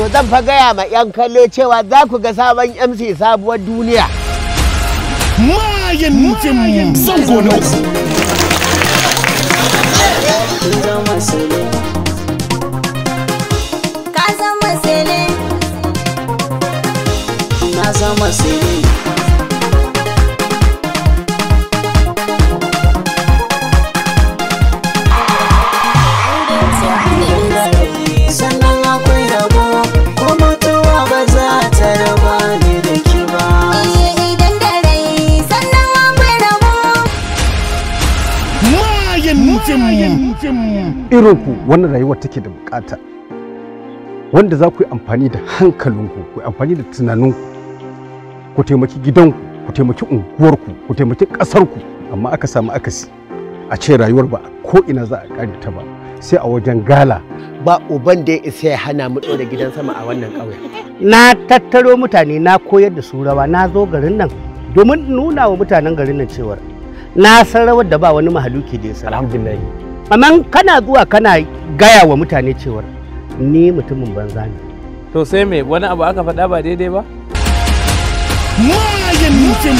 To zan fa gaya ma 'yan kallo cewa za ku ga sabon MC sabuwar duniya. Mayan fim zango na uku. Ka zama sele. zama sele. irin ku wannan rayuwar take da bukata wanda za ku yi amfani da hankalinku ku yi amfani da tunaninku ku taimaki gidanku ku taimaki unguwarku ku taimaki ƙasarku amma aka samu akasi a ce rayuwar ba ko ina za a kare ta ba sai a wajen gala ba uban da ya isa ya hana mu da gidan sama a wannan ƙauye na tattaro mutane na koyar da su rawa na zo garin nan domin nuna wa mutanen garin nan cewar na san rawar da ba wani mahaluki da yasa alhamdulillah amma kana zuwa kana gaya wa mutane cewar ni mutumin banza ne to sai me wani abu aka faɗa ba daidai ba mayan nufin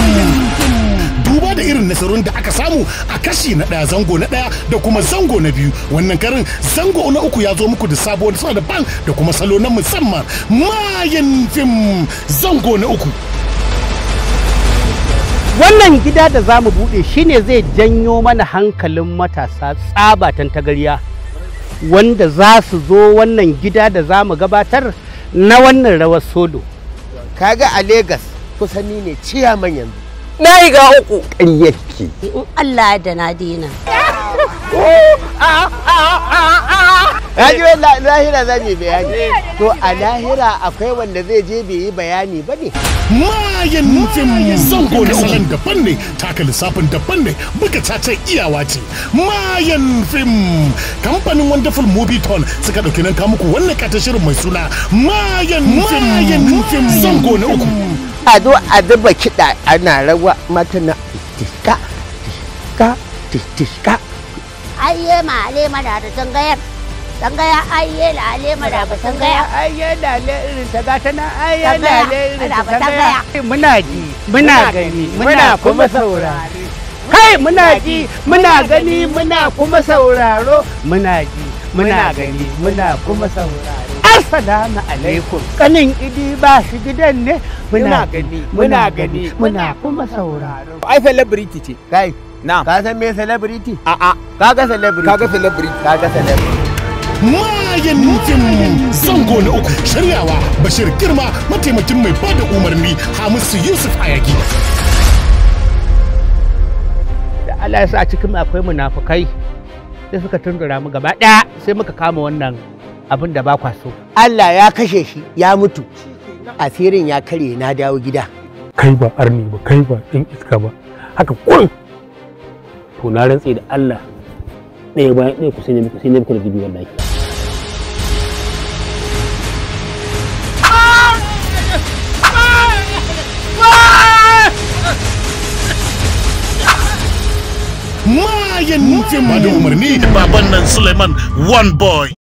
duba da irin nasarun da aka samu a kashi na ɗaya zango na ɗaya da kuma zango na biyu wannan karin zango na uku ya zo muku da sabuwar sa da bang da kuma salo na musamman mayan fim zango na uku wannan gida da za mu buɗe shine zai janyo mana hankalin matasa tsabatan tagariya wanda za su zo wannan gida da za mu gabatar na wannan rawar solo kaga a Legas kusa ne ne ciyaman yanzu na yi ga uku in Allah da na dina ah, ah, ah, wai lahira za mu bayani to a lahira akwai wanda zai je bai yi bayani ba ne mayan nufin zango da salon daban ne taka lissafin daban ne buga cacar iyawa ce mayan fim kamfanin wonderful movie ton suka ɗauki nan kamuku wannan kata shirin mai suna mayan nufin zango na uku a zo a zuba kiɗa ana rawa mata na tiska tiska tiska ayye ma ale da zangayar tangaya aiye lale maraba tangaya aiye lale irin ta gata nan aiye lale irin ta tangaya muna ji muna gani muna kuma saurari kai muna ji muna gani muna kuma sauraro muna ji muna gani muna kuma sauraro assalamu alaikum kanin idi ba shi gidan ne muna gani muna gani muna kuma sauraro ai celebrity ce kai na ka san me celebrity a a kaga celebrity kaga celebrity kaga celebrity mayancin zango na uku shiryawa bashir girma mataimakin mai bada umarni hamisu yusuf Ayagi. da allah ya sa cikin akwai munafukai sai suka tundura mu gaba ɗaya sai muka kama wannan abin da ba kwa so allah ya kashe shi ya mutu asirin ya kare na dawo gida kai ba arni ba kai ba ɗin iska ba haka kun to na rantse da allah ɗaya bayan ɗaya ku sai ne ku ku da gidi wallahi mayan jin ba umarni baban nan Suleiman one boy